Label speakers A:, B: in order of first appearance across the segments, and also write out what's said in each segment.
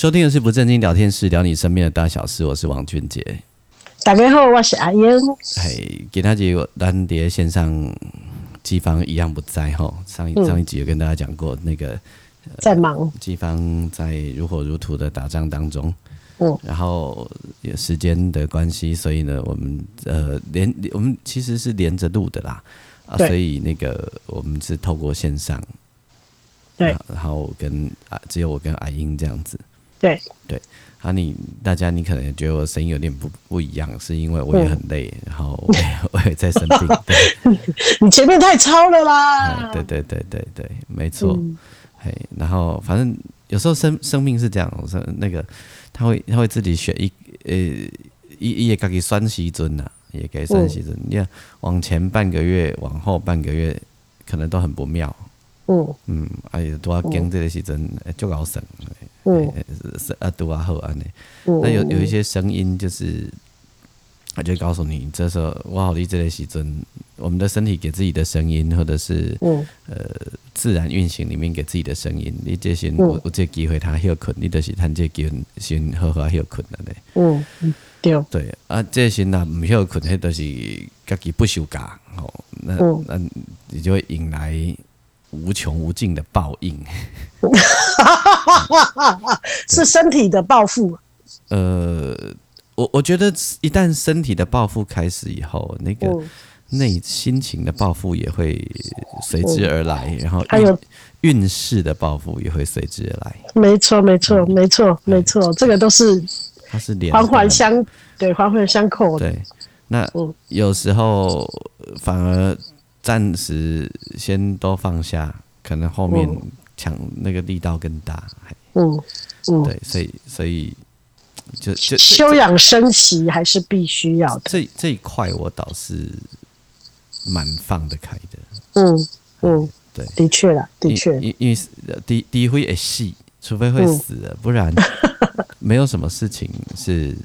A: 收聽的是不正經聊天室，聊你身邊的大小事。我是王俊杰。
B: 大家好，我是阿英。嘿，
A: 給大家有單碟線上季芳一樣不在哈。上一上一集有跟大家講過、嗯、那個、呃、在忙，季芳在如火如荼的打仗當中。嗯、然後有時間的關係，所以呢，我們呃連我們其實是連着錄的啦、啊。所以那個我們是透過線上對，然後，然後我跟、呃、只有我跟阿英這樣子。對對，啊你大家你可能也覺得我聲音有點不不一樣，是因為我也很累，然後我也，我也在生病。 對
B: 你前面太超了啦！
A: 對對對對對，沒錯。嘿、嗯，然後反正有時候生生命是這樣，說那個他會他會自己選一呃一一個算雙喜尊、啊、也一個算雙喜尊。你、嗯、看往前半個月，往後半個月可能都很不妙。嗯嗯，哎呀，多啊！經這類係真足夠省。嗯，啊，多啊、嗯欸欸欸、好安呢、嗯。那有有一些聲音、就是，就是我就告訴你，這時候哇，哩這類係真我們的身體給自己的聲音，或者是嗯呃自然運行裡面給自己的聲音。你這時有、嗯、有這機會，他休困，你都是趁這機會先好好休困了嘞。嗯
B: 嗯，對。
A: 對啊，這時那唔休困，那都是自己不休假那、嗯、那你就會迎來無窮無盡的報應，
B: 是身體的報復。
A: 呃，我我覺得一旦身體的報復開始以後，那個內心情的報復也會隨之而來，嗯嗯、然後還有運勢的報復也會隨之而來。
B: 沒錯，沒錯、嗯，沒錯，沒錯，這個都是
A: 它是環環
B: 相對，環環相扣，對，
A: 那有時候反而。嗯暫時先都放下，可能後面搶那個力道更大。嗯嗯，嗯，對，所以所以就，就休養
B: 生息還是必須要的。
A: 這一這一塊我倒是蠻放得開的。嗯
B: 嗯，對，的確啦，的
A: 確，因為因為第第一回也戲，除非會死了，嗯，不然沒有什麼事情是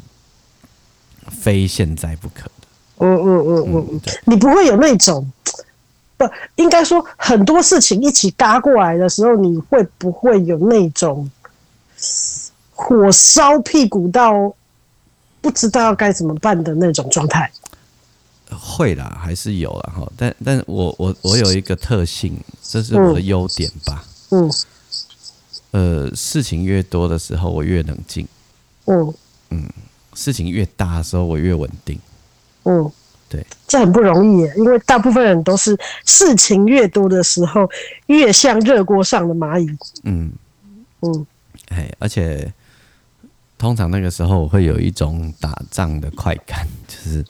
A: 非現在不可的。嗯嗯嗯
B: 嗯，你不會有那種。不，應該說很多事情一起打過來的時候，你會不會有那種火燒屁股到不知道該怎麼辦的那種狀態？
A: 會啦，還是有啦。哈，但但我我我有一個特性，這是我的優點吧。嗯，嗯。呃，事情越多的時候，我越冷靜。嗯嗯，事情越大的時候，我越穩定。
B: 嗯。嗯這很不容易，因為大部分人都是事情越多的時候，越像熱鍋上的螞蟻。嗯嗯，
A: 哎，而且通常那個時候我會有一種打仗的快感，就是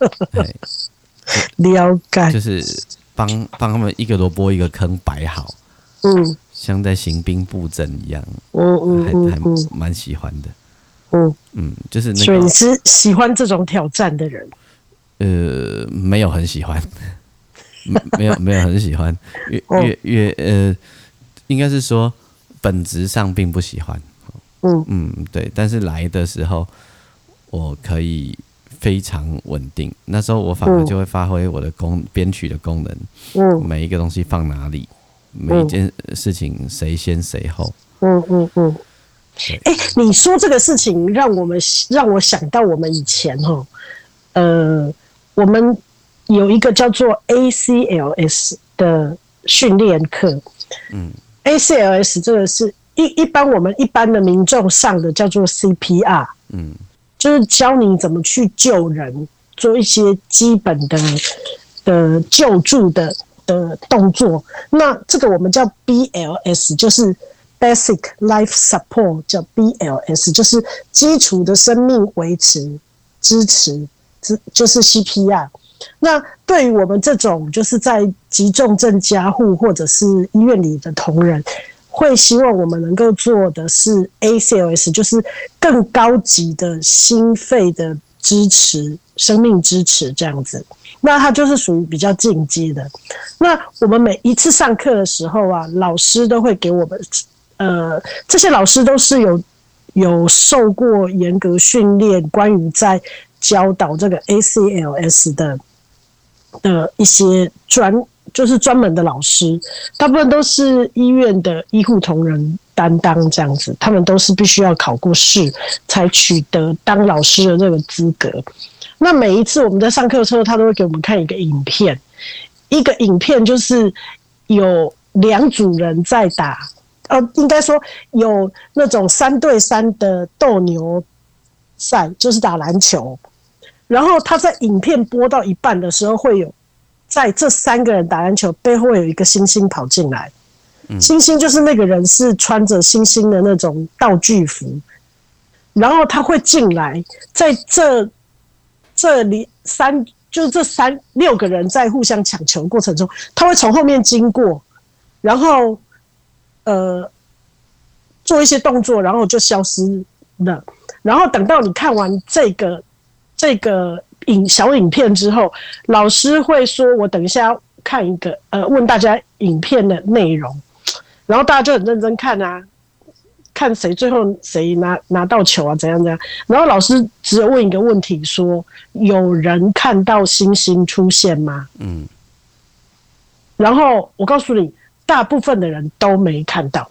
A: 了解，就是幫幫他們一個蘿蔔一個坑擺好。嗯，像在行兵布陣一樣。哦哦哦，還蠻、嗯嗯嗯、喜歡的。嗯嗯，就是那個，所以你是
B: 喜歡這種挑戰的
A: 人？呃，沒有很喜歡。 沒有沒有很喜歡，越越越呃，應該是說本質上並不喜歡。嗯嗯，對，但是來的時候我可以非常穩定，那時候我反而就會發揮我的功，嗯、編曲的功能。嗯，每一個東西放哪裡，每一件事情誰先誰後。嗯
B: 嗯嗯。嗯嗯哎、欸，你說這個事情，讓我們讓我想到我們以前哈，呃，我們有一個叫做 ACLS 的訓練課，嗯，ACLS 這個是一一般我們一般的民眾上的叫做 CPR，嗯，就是教你怎麼去救人，做一些基本的的救助的的動作。那這個我們叫 BLS，就是。Basic Life Support 叫 BLS，就是基礎的生命維持支持，是，就是 CPR。那對於我們這種就是在急重症加護或者是醫院裡的同仁，會希望我們能夠做的是 ACLS，就是更高級的心肺的支持、生命支持這樣子。那它就是屬於比較進階的。那我們每一次上課的時候啊，老師都會給我們。呃，這些老師都是有有受過嚴格訓練，關於在教導這個 ACLS 的的一些專，就是專門的老師，大部分都是醫院的醫護同仁擔當這樣子。他們都是必須要考過試，才取得當老師的這個資格。那每一次我們在上課的時候，他都會給我們看一個影片，一個影片就是有兩組人在打。呃，應該說有那種三對三的鬥牛賽，就是打籃球。然後他在影片播到一半的時候，會有在這三個人打籃球背後有一個星星跑進來。星星就是那個人，是穿着星星的那種道具服。然後他會進來，在這這裡三，就是這三六個人在互相搶球過程中，他會從後面經過，然後。呃，做一些動作，然後就消失了。然後等到你看完這個這個影小影片之後，老師會說：“我等一下看一個呃，問大家影片的內容。”然後大家就很認真看啊，看誰最後誰拿拿到球啊，怎樣怎樣。然後老師只有問一個問題說：“說有人看到星星出現嗎？”嗯。然後我告訴你。大部分的人都沒看到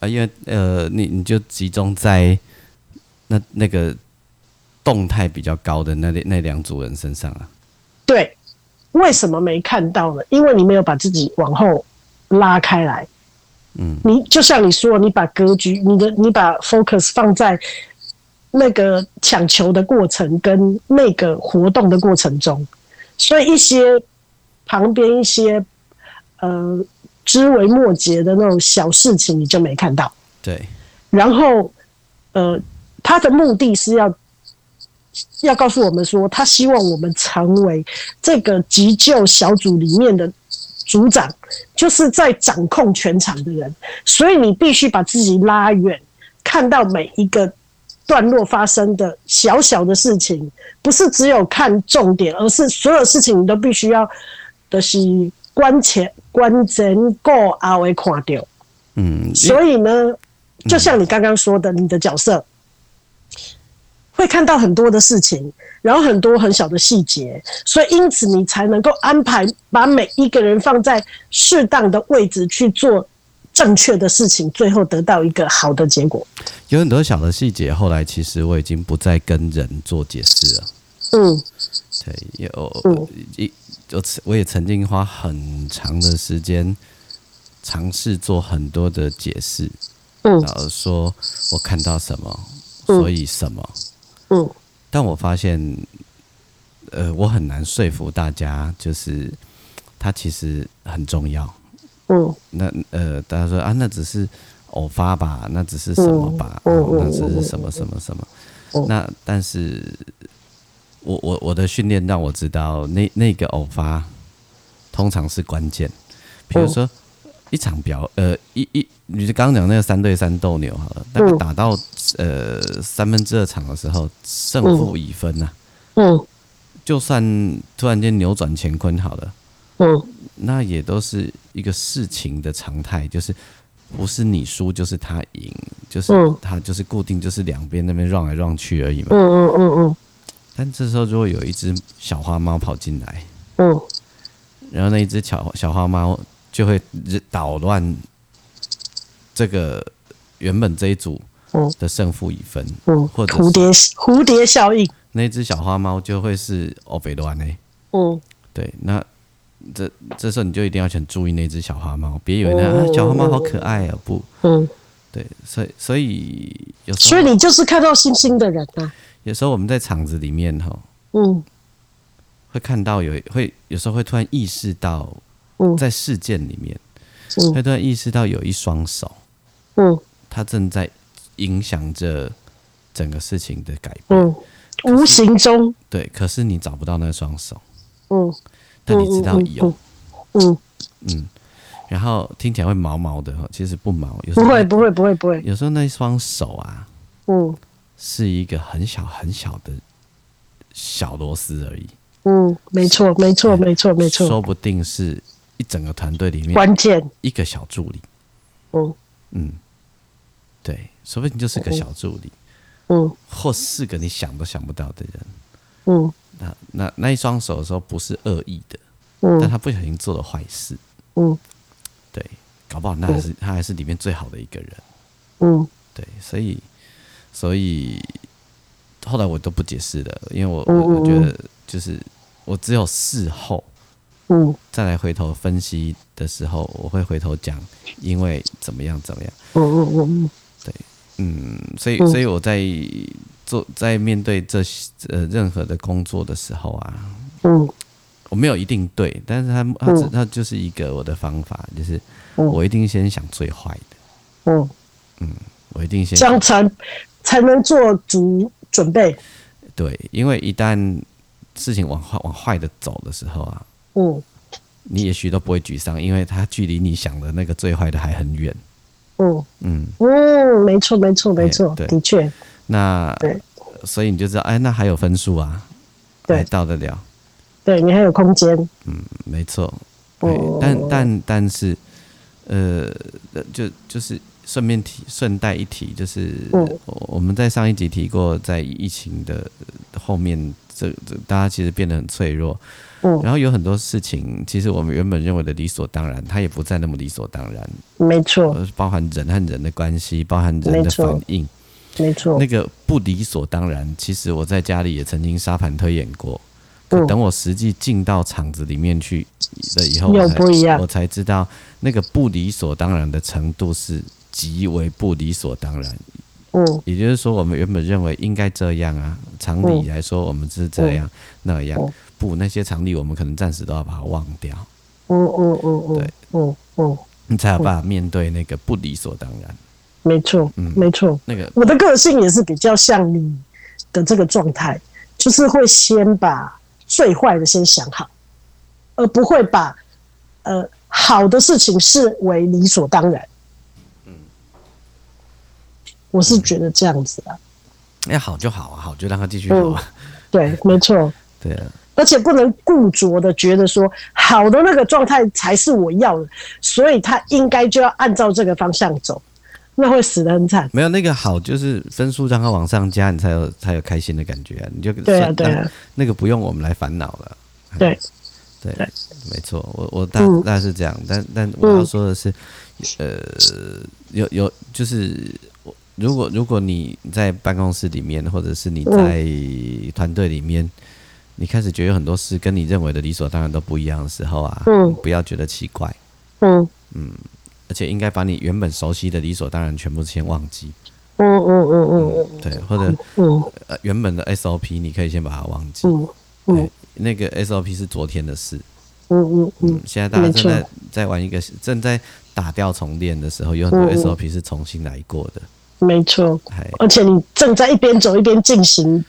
A: 啊，因為呃，你你就集中在那那個動態比較高的那那兩組人身上了啊。
B: 對，為什麼沒看到呢？因為你沒有把自己往後拉開來。嗯，你就像你說，你把格局、你的你把 focus 放在那個搶球的過程跟那個活動的過程中，所以一些旁邊一些呃。枝微末節的那種小事情，你就沒看到。對，然後，呃，他的目的是要要告訴我們說，他希望我們成為這個急救小組裡面的組長，就是在掌控全場的人。所以你必須把自己拉遠，看到每一個段落發生的小小的事情，不是只有看重點，而是所有事情你都必須要的是關切。完整過，阿偉看到，嗯，
A: 所
B: 以呢，嗯、就像你剛剛說的，你的角色會看到很多的事情，然後很多很小的細節，所以因此你才能夠安排把每一個人放在適當的位置去做正確的事情，最後得到一個好的結果。
A: 有很多小的細節，後來其實我已經不再跟人做解釋了。嗯，對，有、嗯我我也曾經花很長的時間嘗試做很多的解釋，然、嗯、後說我看到什麼，所以什麼、嗯嗯，但我發現，呃，我很難說服大家，就是它其實很重要，嗯，那呃，大家說啊，那只是偶發吧，那只是什麼吧、嗯嗯，那只是什麼什麼什麼，嗯、那但是。我我我的訓練讓我知道，那那個偶發通常是關鍵。比如說、哦、一場表呃一一，你是剛剛講那個三對三鬥牛好了，嗯、打到呃三分之二場的時候，勝負已分吶、啊嗯。嗯，就算突然間扭轉乾坤好了。嗯，那也都是一個事情的常態，就是不是你輸就是他贏，就是他就是固定就是兩邊那邊讓來讓去而已嘛。嗯嗯嗯嗯。嗯嗯但這時候，如果有一隻小花貓跑進來，嗯，然後那一隻小小花貓就會搗亂，這個原本這一組的勝負已分，嗯，嗯，或者是蝴蝶
B: 蝴蝶效應，
A: 那只小花貓就會是歐斐亂嘞，嗯，對，那這這時候你就一定要很注意那只小花貓，別以為那、哦、啊小花貓好可愛啊，不，嗯，對，所以所以有時候，所以你就
B: 是看到星星的人吶、啊。
A: 有時候我們在場子裡面哈，嗯，會看到有會有時候會突然意識到，在事件裡面，嗯，會突然意識到有一雙手，嗯，它正在影響着整個事情的改
B: 變，嗯，無形中，
A: 對，可是你找不到那雙手，
B: 嗯，但你知道有，
A: 嗯嗯，然後聽起來會毛毛的哈，其實不毛，有時候，不會不會不會不會，有時候那一雙手啊，嗯。是一個很小很小的小螺絲而已。嗯，
B: 沒錯，沒錯，沒錯，沒錯。說
A: 不定是一整個團隊裡面關鍵一個小助理。嗯嗯，對，說不定就是個小助理。嗯，或是個你想都想不到的人。嗯，那那那一雙手的時候不是惡意的、嗯，但他不小心做了壞事。嗯，對，搞不好那還是、嗯、他還是裡面最好的一個人。嗯，對，所以。所以後來我都不解釋了，因為我我覺得就是我只有事後嗯再來回頭分析的時候，嗯、我會回頭講，因為怎麼樣怎麼樣，哦哦哦，對，嗯，所以、嗯、所以我在做在面對這些呃任何的工作的時候啊，嗯，我沒有一定對，但是他他只他就是一個我的方法，就是我一定先想最壞的嗯，嗯，我一定先江
B: 辰。才能做足準備。
A: 對，因為一旦事情往往壞的走的時候啊，嗯，你也許都不會沮喪，因為它距離你想的那個最壞的還很遠。
B: 嗯嗯嗯，沒錯沒錯沒錯，的確。
A: 那對，所以你就知道，哎，欸，那還有分數啊，對，還到得了，
B: 對你還有空間。嗯，
A: 沒錯。但但但是，呃，就就是。順便提，順帶一提，就是、嗯，我們在上一集提過，在疫情的後面，這這大家其實變得很脆弱。嗯，然後有很多事情，其實我們原本認為的理所當然，它也不再那麼理所當然。沒錯，包含人和人的關係，包含人的反應。沒錯，那個不理所當然，其實我在家裡也曾經沙盤推演過，嗯、可等我實際進到場子裡面去了以後，不一樣，我才我才知道那個不理所當然的程度是。極為不理所當然，嗯，也就是說，我們原本認為應該這樣啊，常理來說，我們是這樣、嗯、那樣，嗯、不，那些常理，我們可能暫時都要把它忘掉，嗯嗯嗯嗯，對，嗯嗯，你才有辦法面對那個不理所當然，
B: 沒錯、嗯，沒錯、嗯，那個我的個性也是比較像你的這個狀態，就是會先把最壞的先想好，而不會把呃好的事情視為理所當然。我是覺得這樣子
A: 啊、嗯，要好就好啊，好就讓他繼續好、啊嗯。
B: 對，沒錯。對啊，而且不能固着的覺得說好的那個狀態才是我要的，所以他應該就要按照這個方向走，那會死得很慘。
A: 沒有那個好，就是分數讓他往上加，你才有才有開心的感覺、啊。你就對啊，對啊，對啊，那個不用我們來煩惱了。對對，對，沒錯。我我大大概是這樣，嗯、但但我要說的是，呃，有有就是。如果如果你在辦公室裡面，或者是你在團隊裡面、嗯，你開始覺得有很多事跟你認為的理所當然都不一樣的時候啊，嗯，不要覺得奇怪，嗯嗯，而且應該把你原本熟悉的理所當然全部先忘記，嗯嗯嗯嗯，對，嗯、或者嗯呃原本的 SOP 你可以先把它忘記，嗯，對嗯那個 SOP 是昨天的事，嗯嗯
B: 嗯，現在大家正
A: 在在玩一個正在打掉重練的時候，有很多 SOP 是重新來過的。
B: 沒錯，而且你正在一邊走一邊進行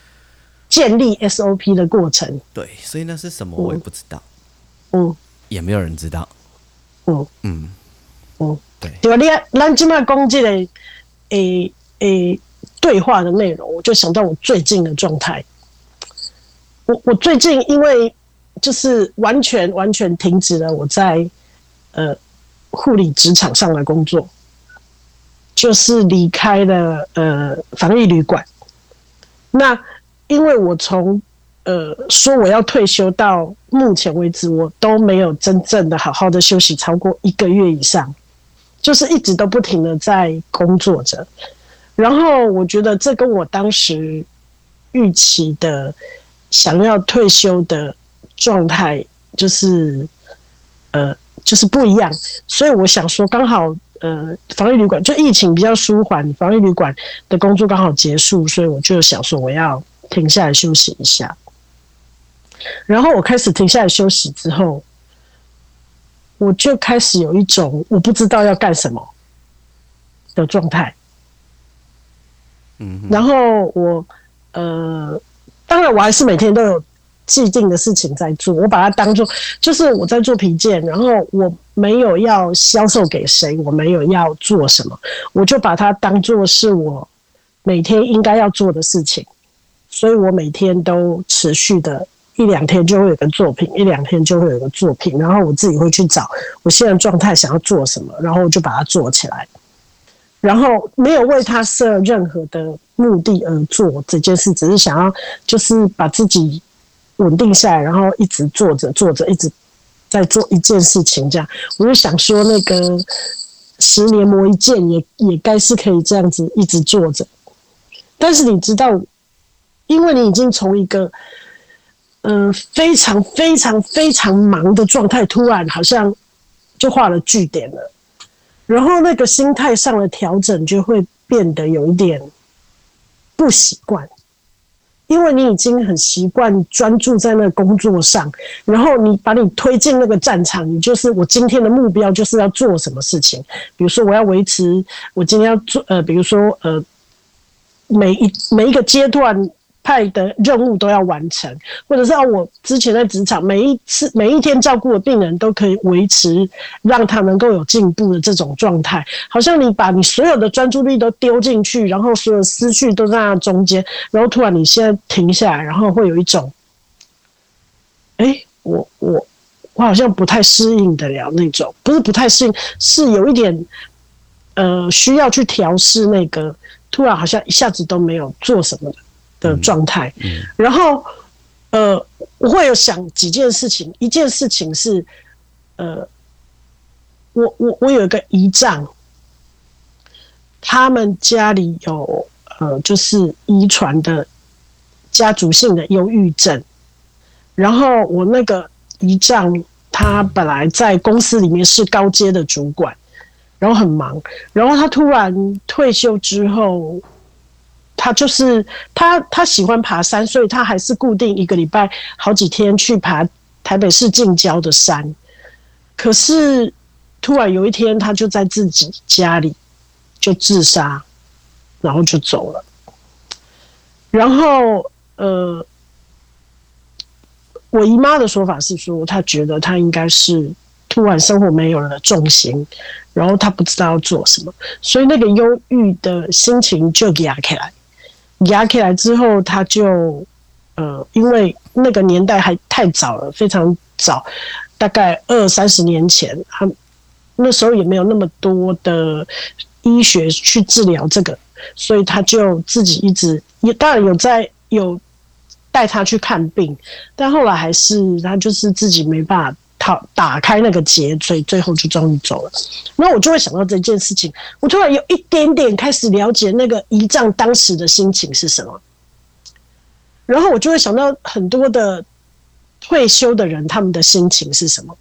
B: 建立 SOP 的過程。
A: 對，所以那是什麼我也不知道，嗯，嗯也沒有人知道。嗯
B: 嗯嗯，對。就你看，咱剛剛講的誒誒對話的內容，我就想到我最近的狀態。我我最近因為就是完全完全停止了我在呃護理職場上的工作。就是離開了呃防疫旅館，那因為我從呃說我要退休到目前為止，我都沒有真正的好好的休息超過一個月以上，就是一直都不停的在工作着。然後我覺得這跟我當時預期的想要退休的狀態就是呃就是不一樣，所以我想說剛好。呃，防疫旅館就疫情比較舒緩，防疫旅館的工作剛好結束，所以我就想說我要停下來休息一下。然後我開始停下來休息之後，我就開始有一種我不知道要幹什麼的狀態。嗯，然後我呃，當然我還是每天都有既定的事情在做，我把它當做就是我在做皮件，然後我。沒有要銷售給誰，我沒有要做什麼，我就把它當做是我每天應該要做的事情，所以我每天都持續的，一兩天就會有個作品，一兩天就會有個作品，然後我自己會去找我現在狀態想要做什麼，然後我就把它做起來，然後沒有為它設任何的目的而做這件事，只是想要就是把自己穩定下來，然後一直做着做着一直。在做一件事情，這樣我就想說，那個十年磨一劍，也也該是可以這樣子一直做着。但是你知道，因為你已經從一個，呃，嗯，非常非常非常忙的狀態，突然好像就畫了句點了，然後那個心態上的調整就會變得有一點不習慣。因為你已經很習慣專注在那個工作上，然後你把你推進那個戰場，你就是我今天的目標就是要做什麼事情，比如說我要維持我今天要做，呃，比如說呃，每一每一個階段。派的任務都要完成，或者是、哦、我之前在職場每一次、每一天照顧的病人都可以維持，讓他能夠有進步的這種狀態。好像你把你所有的專注力都丟進去，然後所有思緒都在那中間，然後突然你現在停下來，然後會有一種，哎，我我我好像不太適應得了那種，不是不太適應，是有一點，呃，需要去調適那個。突然好像一下子都沒有做什麼的的狀態、嗯嗯，然後呃，我會有想幾件事情，一件事情是呃，我我我有一個姨丈，他們家裡有呃，就是遺傳的家族性的憂鬱症，然後我那個姨丈他本來在公司裡面是高階的主管，然後很忙，然後他突然退休之後。他就是他，他喜歡爬山，所以他還是固定一個禮拜好幾天去爬台北市近郊的山。可是突然有一天，他就在自己家裡就自殺，然後就走了。然後呃，我姨媽的說法是說，他覺得他應該是突然生活沒有了重心，然後他不知道要做什麼，所以那個憂鬱的心情就給壓起來。壓起來之後，他就，呃，因為那個年代還太早了，非常早，大概二三十年前，他那時候也沒有那麼多的醫學去治療這個，所以他就自己一直，也當然有在，有帶他去看病，但後來還是他就是自己沒辦法。他打開那個結，所以最後就終於走了。那我就會想到這件事情，我突然有一點點開始了解那個遺仗當時的心情是什麼。然後我就會想到很多的退休的人，他們的心情是什麼？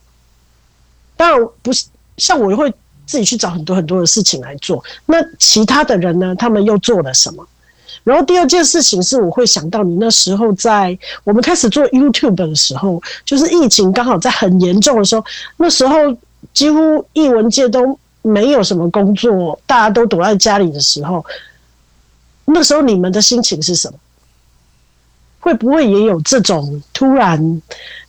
B: 當然不是像我會自己去找很多很多的事情來做。那其他的人呢？他們又做了什麼？然後第二件事情是，我會想到，你那時候在我們開始做 YouTube 的時候，就是疫情剛好在很嚴重的時候，那時候幾乎藝文界都沒有什麼工作，大家都躲在家裡的時候，那時候你們的心情是什麼？會不會也有這種突然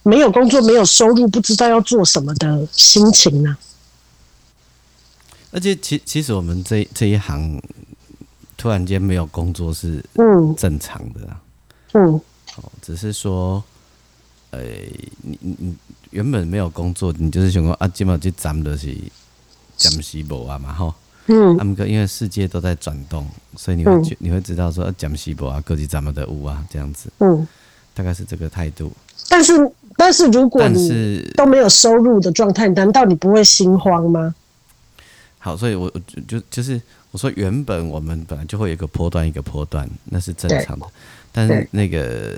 B: 沒有工作、沒有收入、不知道要做什麼的心情呢？
A: 而且，其其實我們這這一行。突然間沒有工作是正常的，啊，嗯，嗯，哦，只是說，呃、欸，你你你原本沒有工作，你就是想說啊，起碼的是江西博啊嘛，哈，嗯，他們因為世界都在轉動，所以你會覺、嗯、你會知道說啊，各的啊這樣子，
B: 嗯，
A: 大概是這個態度。
B: 但是但是如果你都沒有收入的狀態，難道你不會心慌嗎？
A: 好，所以我，我就就是。我說，原本我們本來就會有一個波段，一個波段，那是正常的。但是那個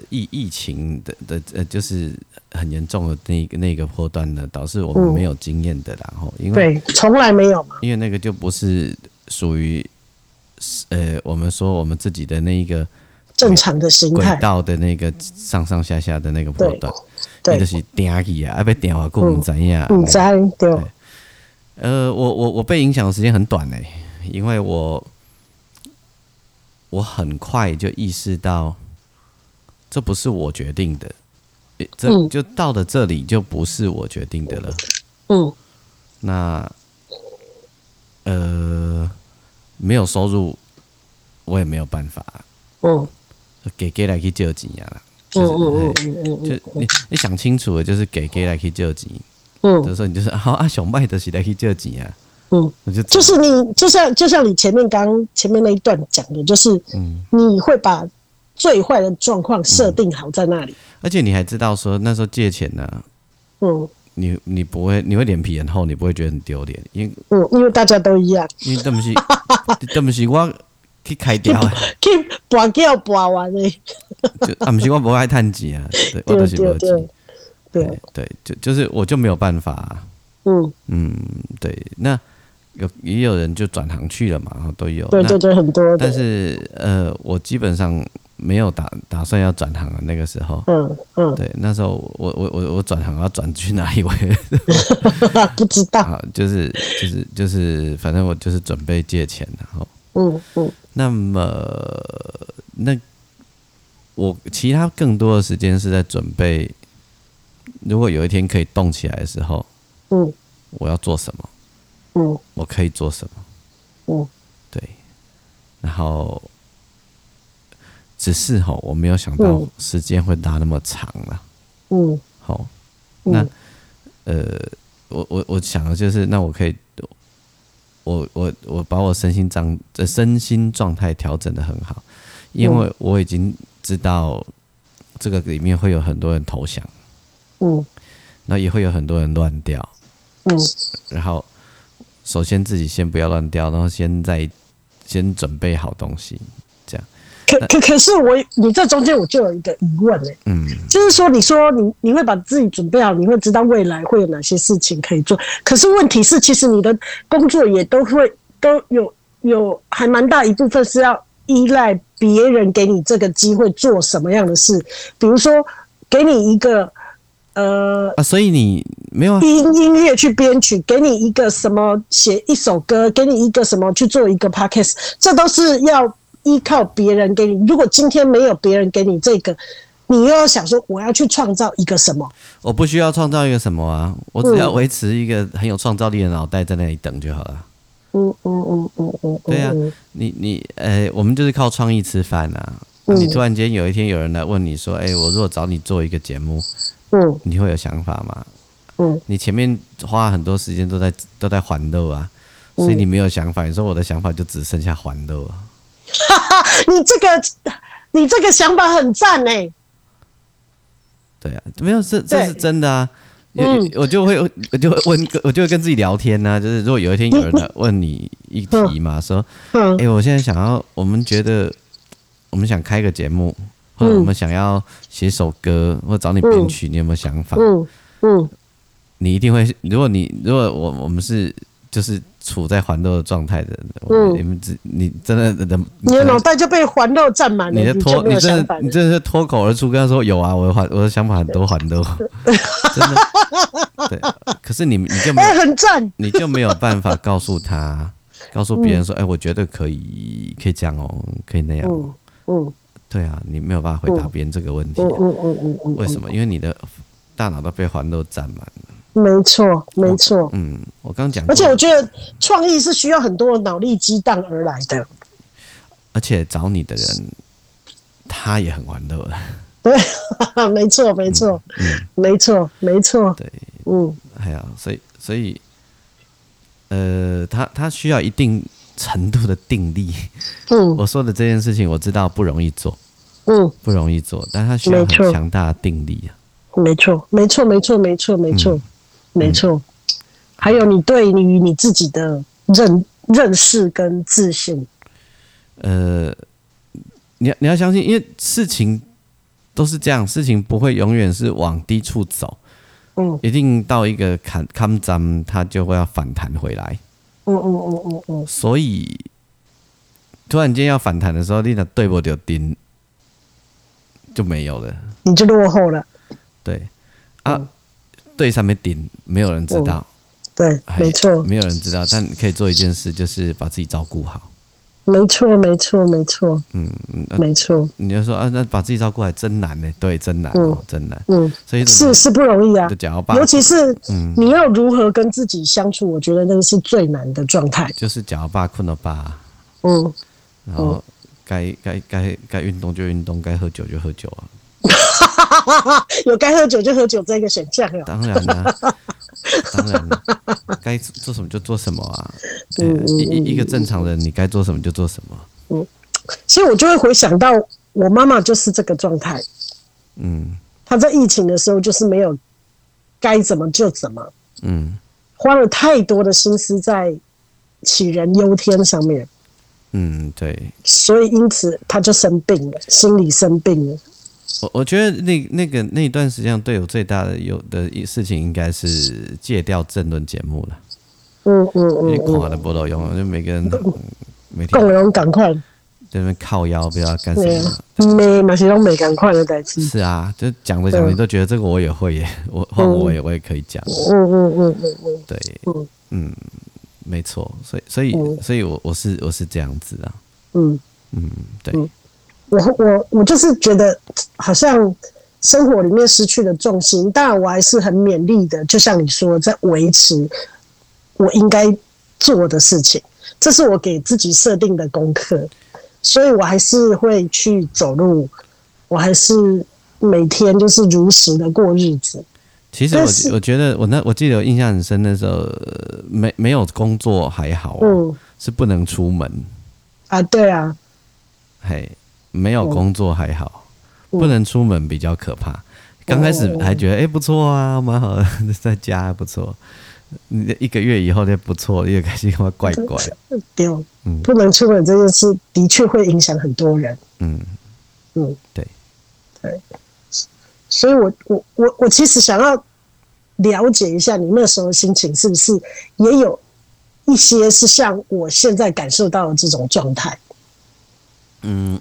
A: 疫疫情的的呃，就是很嚴重的那那個波段呢，導致我們沒有經驗的啦，然、嗯、後因為
B: 從來沒有
A: 嘛，因為那個就不是屬於呃，我們說我們自己的那一個正常的形態軌道的那個上上下下的那個波段，對，對那就是點啊，啊不點啊，股災呀，股災對。呃，我我我被影響的時間很短嘞、欸。因為我我很快就意識到，這不是我決定的，這就到了這裡就不是我決定的了。嗯，那呃沒有收入，我也沒有辦法。嗯，給給來去救急呀，就是、嗯嗯嗯嗯嗯、就你你想清楚了，就是給給來去救急。嗯，就是、說你就是好啊，想賣的是來去救急啊。嗯，
B: 就是你，嗯，就像就像你前面剛前面那一段講的，就是嗯，你會把最壞的狀況設定好在那裡，
A: 嗯，而且你還知道說那時候借錢呢，啊，嗯，你你不會，你會臉皮很厚，你不會覺得很丟臉，因
B: 為嗯，因為大家都一樣，
A: 你這麼不是，哈哈哈哈哈，都 不去開掉 去，
B: 去拔掉拔完嘞， 就，哈哈哈哈，啊不是
A: 我不愛賺錢啊，對對對對對，對對對對對對，就就是我就沒有辦法，啊，嗯嗯，對，那。有也有人就轉行去了嘛，然後都有。對對對，很多。但是呃，我基本上沒有打打算要轉行的那個時候。嗯嗯。對，那時候我我我我轉行要轉去哪裡？ 不知道。啊、就是就是就是，反正我就是準備借錢然後。嗯嗯。那麼那我其他更多的時間是在準備，如果有一天可以動起來的時候，嗯，我要做什麼？嗯，我可以做什麼？嗯，對，然後只是哈，我沒有想到時間會拉那麼長了、啊。嗯，好，那、嗯、呃，我我我想的就是，那我可以，我我我把我身心臟這、呃、身心狀態調整得很好，因為我已經知道這個裡面會有很多人投降。嗯，那也會有很多人亂掉。嗯，然後。首先自己先不要亂掉，然後先在先準備好東西，這樣。可可可
B: 是我你這中間我就有一個疑問哎，嗯，就是說你說你你會把自己準備好，你會知道未來會有哪些事情可以做。可是問題是，其實你的工作也都會都有有還蠻大一部分是要依賴別人給你這個機會做什麼樣的事，比如說給你一個。呃啊，所以你沒有、啊、音樂去編曲，給你一個什麼寫一首歌，給你一個什麼去做一個 p a c a s t 這都是要依靠別人給你。如果今天沒有別人給你這個，你又要想說我要去創造一個什麼？
A: 我不需要創造一個什麼啊，我只要維持一個很有創造力的腦袋在那裡等就好
B: 了。嗯嗯嗯嗯嗯，
A: 對啊，你你呃、欸，我們就是靠創意吃飯啊。你突然間有一天有人來問你說，哎、欸，我如果找你做一個節目？嗯，你會有想法嗎？
B: 嗯，
A: 你前面花很多時間都在都在歡樂啊，所以你沒有想法、嗯。你說我的想法就只剩下歡樂。哈
B: 哈，你這個你這個想法很讚哎、欸。
A: 對啊，沒有，這這是真的啊。有嗯，我就
B: 會
A: 我就會問，我就會跟自己聊天吶、啊。就是如果有一天有人來問你一題嘛，嗯、說，誒、嗯欸，我現在想要，我們覺得我們想開個節目。我們想要寫首歌，或找你編曲、嗯，你有沒有想法？嗯嗯，你一定會。如果你如果我我們是就是處在環斗的狀態的，人，你們只你真的，你的
B: 腦袋就被環斗占滿了，你脫，你真的、嗯、你真
A: 是脫口而出跟他說有啊，我的我的想法很多環斗，真的，
B: 對，
A: 可是你你就沒、欸，很讚，你就沒有辦法告訴他，告訴別人說，哎、嗯欸，我覺得可以，可以這樣哦，可以那樣、哦，嗯。嗯對啊，你沒有辦法回答別人這個問題、嗯嗯嗯嗯嗯嗯。為什麼？因為你的大腦都被環豆佔滿
B: 了。沒錯，沒錯、
A: 哦。嗯，我剛講的。而且
B: 我覺得創意是需要很多腦力激盪而來的。
A: 而且找你的人，他也很環豆。對，
B: 沒錯，沒錯，沒錯、嗯，沒錯、嗯。對，
A: 嗯，還有，所以，所以，呃，他他需要一定。程度的定力，嗯，我說的這件事情，我知道不容易做，嗯，不容易做，但它需要很強大的定力啊，
B: 沒錯，沒錯，沒錯，沒錯，沒錯、嗯，沒錯、嗯。還有你對於你自己的認、嗯、認識跟自信，
A: 呃，你你要相信，因為事情都是這樣，事情不會永遠是往低處走，嗯，一定到一個坎坎坷，砍砍它就會要反彈回來。
B: 嗯嗯嗯嗯
A: 嗯，所以突然間要反彈的時候，你的對波就頂就沒有了，
B: 你就落後了。
A: 對啊，Oh. 對上面頂沒有人知道，
B: 對，沒錯，
A: 沒有人知道。Oh. 知道但你可以做一件事，就是把自己照顧好。
B: 沒錯，沒錯，沒錯。嗯，
A: 啊、沒錯。你就說啊，那把自己照顧好真難呢。對，真難、嗯，真難。嗯，所以是是
B: 不容易啊。尤其是嗯，你要如何跟自己相處？嗯、我覺得那個是最難的狀
A: 態。就是講老爸困了吧、啊？嗯，然
B: 後
A: 該該該該運動就運動，該喝酒就喝酒啊。
B: 哈， 有該喝酒就喝酒這個選項、喔、當然了、
A: 啊，當然了、啊，該做什麼就做什麼啊。欸、嗯嗯。一個正常人，你該做什麼就做什麼。
B: 嗯，所以我就會回想到我媽媽就是這個狀態。嗯，她在疫情的時候就是沒有該怎麼就怎麼。嗯，花了太多的心思在杞人憂天上面。嗯，
A: 對。
B: 所以因此她就生病了，心理生病了。
A: 我我覺得那那個那一段時間，對我最大的有的事情，應該是戒掉政論節目了。嗯嗯嗯嗯。因為恐都不夠用，就每個人、嗯嗯、每天夠
B: 用趕快，
A: 在那邊靠腰不要幹什
B: 麼。沒、啊，那是都沒趕快的感詞。
A: 是啊，就是講着講着都覺得這個我也會耶，我換我也、嗯、我也可以講。嗯嗯嗯嗯嗯。對，嗯嗯，嗯，嗯，嗯，沒錯，所以所以、嗯、所以我我是我是這樣子的嗯嗯，對。嗯
B: 我我我就是覺得好像生活裡面失去了重心，當然我還是很勉勵的，就像你說在維持我應該做的事情，這是我給自己設定的功課，所以我還是會去走路，我還是每天就是如實的過日子。
A: 其實我我覺得我那我記得我印象很深的時候，沒沒有工作還好，嗯，是不能出門
B: 啊，對啊，嘿、
A: hey。沒有工作還好、嗯，不能出門比較可怕。嗯、剛開始還覺得哎、嗯、不錯啊，蠻好的，在家不錯。一個月以後就不錯，越開心越怪怪
B: 丟、嗯。不能出門這件事的確會影響很多人。嗯嗯，
A: 對對，
B: 所以我我我我其實想要了解一下你那時候的心情是不是也有一些是像我現在感受到的這種狀態？嗯。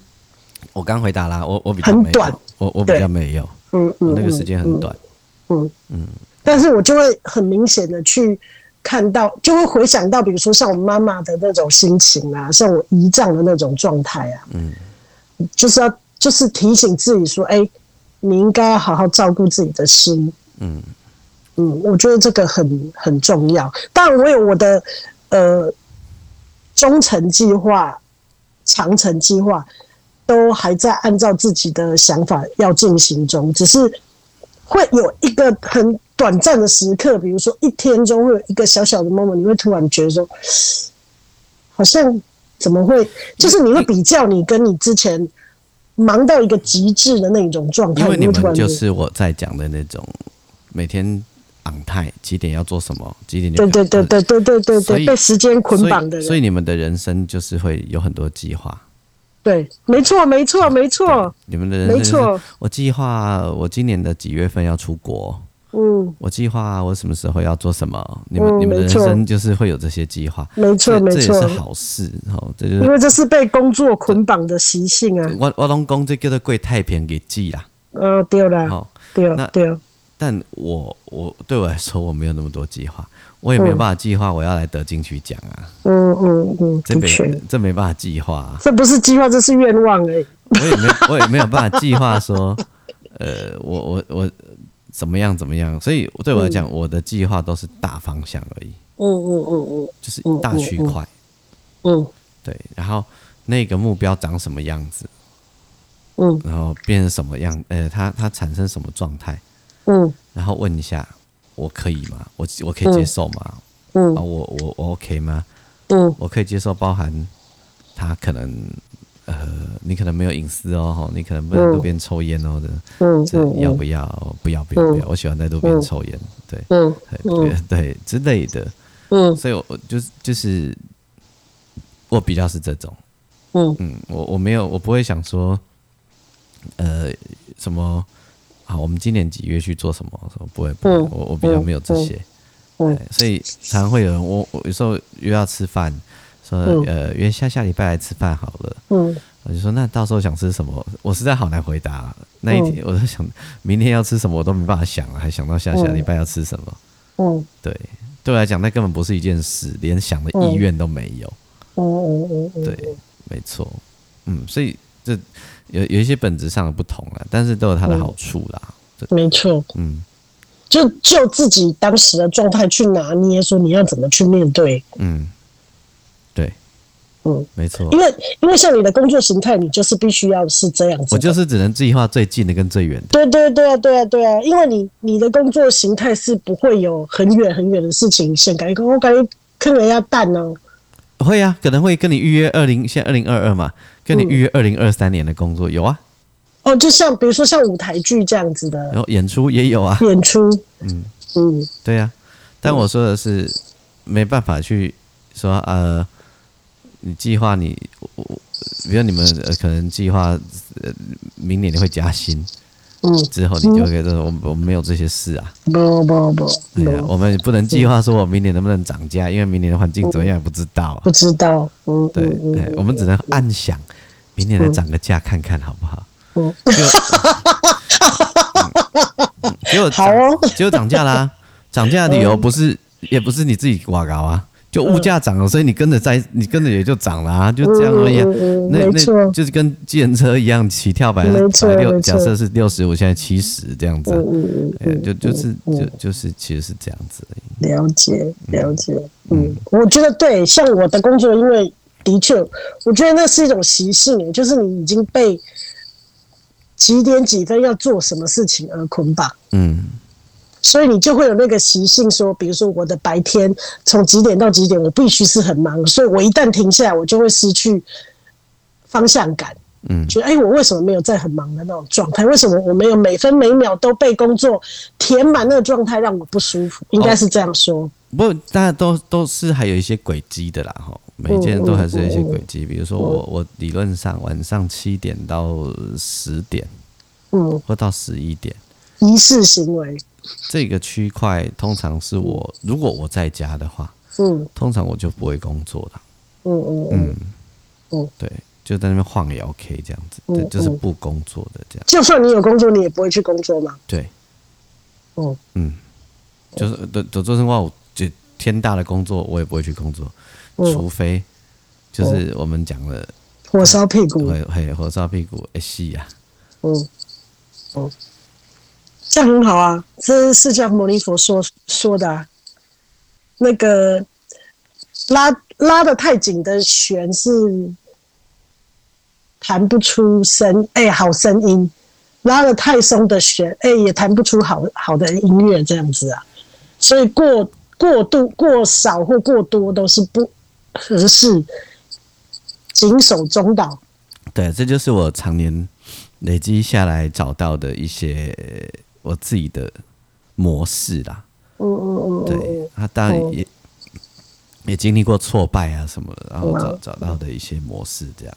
A: 我剛回答啦，我我比較沒有很短，我我比較沒有，嗯嗯，那個時間很短，嗯嗯，嗯，
B: 嗯，但是我就會很明顯的去看到，就會回想到，比如說像我媽媽的那種心情啊，像我姨丈的那種狀態啊，嗯，就是要就是提醒自己說，哎，你應該要好好照顧自己的心，嗯嗯，我覺得這個很很重要，但我有我的呃中程計劃、長程計劃。都還在按照自己的想法要進行中，只是會有一個很短暫的時刻，比如說一天中會有一個小小的 moment，你會突然覺得說，好像怎麼會？就是你會比較你跟你之前忙到一個極致的那一種狀態。因為你們就是
A: 我在講的那種，每天 on time 幾點要做什麼，幾點要做對對對
B: 對對對對對被時間捆綁的人所所，
A: 所以你們的人生就是會有很多計劃。
B: 對，沒錯，沒錯，沒錯。你們
A: 的人生、就是，沒錯。我計劃我今年的幾月份要出國？嗯，我計劃我什麼時候要做什麼？你們、嗯、你們的人生就是會有這些計劃、嗯，沒錯沒錯，這也是好事哈。這就是因為這是、哦、因為這是
B: 被工作捆綁的習性啊。
A: 我我攏講這叫做過太平日子啊。哦，對了，
B: 好、哦、對對。對那對
A: 但我我對我來說，我沒有那麼多計劃，我也沒有辦法計劃我要來得金曲獎啊。嗯嗯
B: 嗯，嗯，這沒
A: 這沒辦法計劃、啊。這
B: 不是計劃，這是願望哎、欸。
A: 我也沒我也沒有辦法計劃說， 呃，我我我，我怎麼樣怎麼樣？所以對我來講，嗯、我的計劃都是大方向而已。嗯嗯嗯
B: 嗯，就是大區塊嗯嗯。嗯，
A: 對。然後那個目標長什麼樣子？嗯，然後變成什麼樣？呃，它它產生什麼狀態？嗯，然後問一下，我可以嗎？我我可以接受嗎？嗯，嗯啊，我我我 OK 嗎？嗯，我可以接受包含他可能呃，你可能沒有隱私哦，你可能不能路邊抽菸哦、嗯、
B: 這要不
A: 要、嗯、不要？不要不要不要、嗯，我喜歡在路邊抽菸，嗯、對、對、對、對，嗯，對對之類的，嗯，所以我我就、就是就是我比較是這種，
B: 嗯
A: 嗯，我我沒有我不會想說呃什麼。好，我們今年幾月去做什麼？說不會，不會，嗯、我我比較沒有這些、嗯嗯對，所以常常會有人問，我我有時候約要吃飯，說、嗯、呃約下下禮拜來吃飯好了，嗯，我就說那到時候想吃什麼，我實在好難回答。那一天我在想、嗯、明天要吃什麼，我都沒辦法想了，還想到下下禮拜要吃什麼，嗯，對，對我來講那根本不是一件事，連想的意願都沒有，嗯嗯嗯，對，沒錯，嗯，所以。有有一些本質上的不同了，但是都有它的好處啦。嗯、
B: 沒錯，嗯，就就自己當時的狀態去拿捏，說你要怎麼去面對。
A: 嗯，對，嗯，沒錯。因
B: 為因為像你的工作形態，你就是必須要是這樣子。我
A: 就是只能計劃最近的跟最遠
B: 的。對對對啊，對啊對啊！因為你你的工作形態是不會有很遠很遠的事情，先改工，我覺可能要淡哦。
A: 會啊，可能會跟你預約二零，現在二零二二嘛。跟你預約二零二三年的工作。嗯、有啊，
B: 哦，就像比如說像舞台劇這樣子的，然
A: 後演出也有啊，演出，嗯嗯，對啊，但我說的是、嗯、沒辦法去說呃，你計劃你我，比如你們可能計劃明年你會加薪。嗯，之後你就會覺得、嗯、我我們沒有這些事啊，
B: 不不不，對、哎、呀，我
A: 們不能計劃說我明年能不能漲價，因為明年的環境怎麼樣也不知道、啊，不知道，嗯，對對、嗯，我們只能暗想，明年來漲個價看看好不好？嗯，就、 嗯，結果漲、啊，結果漲價啦，漲價的理由不是、嗯、也不是你自己掛高啊。就物價漲了、嗯，所以你跟着在你跟着也就漲了啊，就這樣而已、嗯嗯嗯。那、嗯、那就是跟計程車一樣，起跳百分之百六，假設是六十、嗯，我、嗯、現在七十這樣子、啊。嗯，嗯對、啊、就就是、嗯、就就是、嗯、其實是這樣子。了解了
B: 解嗯，嗯，我覺得對，像我的工作，因為的確，我覺得那是一種習性，就是你已經被幾點幾分要做什麼事情而捆綁。嗯。所以你就會有那個習性，說，比如說我的白天從幾點到幾點，我必須是很忙，所以我一旦停下來，我就會失去方向感。嗯，覺得哎，我為什麼沒有在很忙的那種狀態？為什麼我沒有每分每秒都被工作填滿那個狀態讓我不舒服？哦，應該是這樣說。
A: 不，大家都都是還有一些軌跡的啦，哈，每天都還是有一些軌跡，嗯嗯。比如說我，我理論上晚上七點到十點，嗯，或到十一點，
B: 儀式行為。
A: 這個區塊通常是我，如果我在家的話，嗯，通常我就不會工作了，嗯
B: 嗯嗯嗯，
A: 對，就在那邊晃也 OK 這樣子，嗯，對，就是不工作的這樣，嗯。就
B: 算你有工作，你也不會去工作嗎？對，嗯嗯，嗯，
A: 就是得得說真話，就天大的工作我也不會去工作，嗯，除非就是我們講的，嗯，
B: 火燒屁股，會
A: 會火燒屁股會死啊，嗯嗯。
B: 這樣很好啊，這是釋迦牟尼佛說說的、啊，那個拉拉得太緊的弦是彈不出聲，哎、欸，好聲音；拉得太鬆的弦，哎、欸，也彈不出好好的音樂，這樣子啊。所以過過度、過少或過多都是不合適，謹守中道。
A: 對，這就是我常年累積下來找到的一些。我自己的模式啦，嗯嗯嗯，
B: 對嗯，他當然
A: 也、嗯、也經歷過挫敗啊什麼，然後找、嗯、找到的一些模式這樣，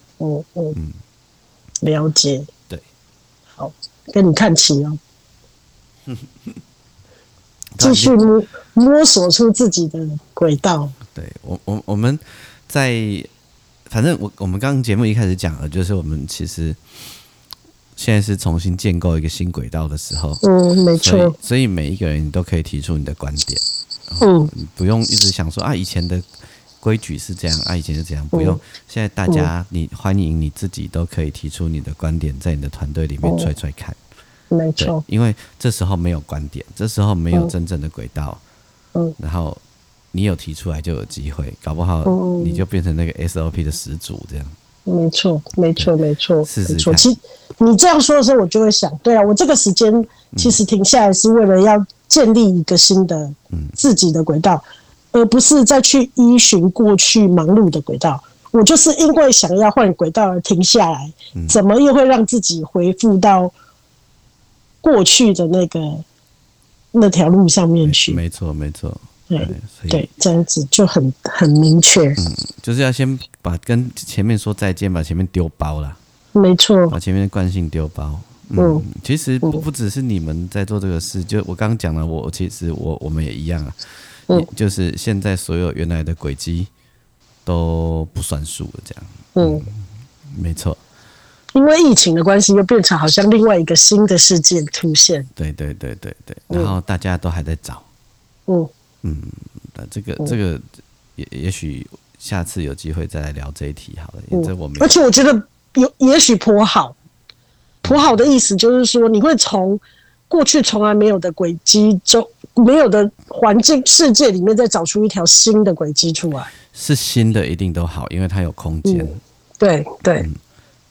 A: 嗯嗯，
B: 了解，
A: 對，
B: 好，跟你看齊哦，繼 續摸摸索出自己的軌道，
A: 對我我我們在，反正我我們剛剛節目一開始講了，就是我們其實。現在是重新建構一個新軌道的時候，嗯，沒錯，所以所以每一個人你都可以提出你的觀點，嗯，不用一直想說啊，以前的規矩是這樣，啊，以前是怎樣，嗯、不用。現在大家、嗯、你歡迎你自己都可以提出你的觀點，在你的團隊裡面踹踹看，嗯嗯、
B: 沒錯，
A: 因為這時候沒有觀點，這時候沒有真正的軌道，嗯，然後你有提出來就有機會，搞不好你就變成那個 SOP 的始祖這樣。
B: 沒錯，沒錯，沒錯，沒錯。其實你這樣說的時候，我就會想，對啊，我這個時間其實停下來是為了要建立一個新的，自己的軌道，嗯，而不是再去依循過去忙碌的軌道。我就是因為想要換軌道而停下來，嗯，怎麼又會讓自己回復到過去的那個那條路上面
A: 去？欸、沒錯，沒錯。
B: 對，對，對，這樣子就很很明確。嗯，
A: 就是要先。把跟前面說再見吧，前面丟包了，沒錯，把前面慣性丟包嗯。嗯，其實不、嗯、不只是你們在做這個事，就我剛剛講了，我其實我我們也一樣啊。嗯，就是現在所有原來的軌跡都不算數了，這樣。嗯，
B: 嗯沒錯。因為疫情的關係，又變成好像另外一個新的事件出現。
A: 對對對對對，然後大家都還在找。嗯嗯，那、嗯啊、這個、嗯、這個也也許。下次有機會再來聊這一題好了，因、嗯、為，這我沒有，而且
B: 我覺得有也許頗好，頗、嗯、好的意思就是說，你會從過去從來沒有的軌跡中，沒有的環境、世界裡面，再找出一條新的軌跡出來。
A: 是新的一定都好，因為它有空間、嗯。
B: 對對、
A: 嗯、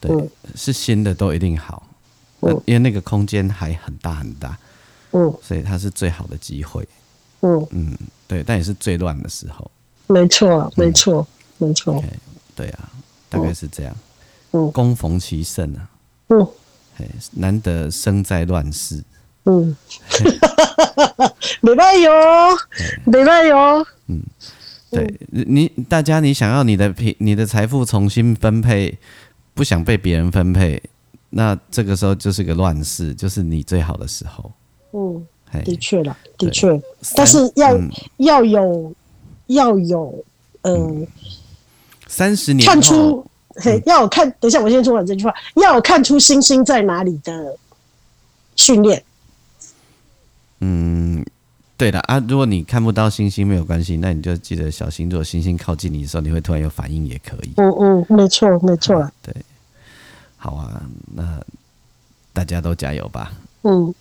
A: 對、嗯，是新的都一定好，嗯、因為那個空間還很大很大，嗯，所以它是最好的機會。嗯
B: 嗯，
A: 對，但也是最亂的時候。
B: 沒錯，沒錯、嗯，沒錯。
A: Okay, 對啊、嗯，大概是這樣。嗯，躬逢其盛啊。嗯。哎、嗯嗯，難得生在亂世。
B: 嗯。沒辦法喲，沒辦法喲。嗯，
A: 對你，大家，你想要你的貧、你的財富，重新分配，不想被別人分配，那這個時候就是個亂世，就是你最好的時候。嗯，的確啦，
B: 的確。但是要、嗯、要有。要有，
A: 呃，三、嗯、十年看出
B: 嘿要我看、嗯，等一下我先說完這句話，要我看出星星在哪裡的訓練。嗯，
A: 對的啊，如果你看不到星星沒有關係，那你就記得小心，如果星星靠近你的時候，你會突然有反應也可以。嗯
B: 嗯，沒錯沒錯、啊啊。
A: 對，好啊，那大家都加油吧。嗯，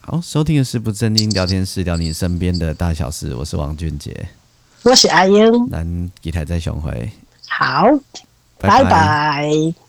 A: 好，收聽的是不正經聊天室，聊你身邊的大小事，我是王俊傑。
B: 我是阿英，
A: 咱幾他再相會，
B: 好，
A: 拜拜。Bye
B: bye。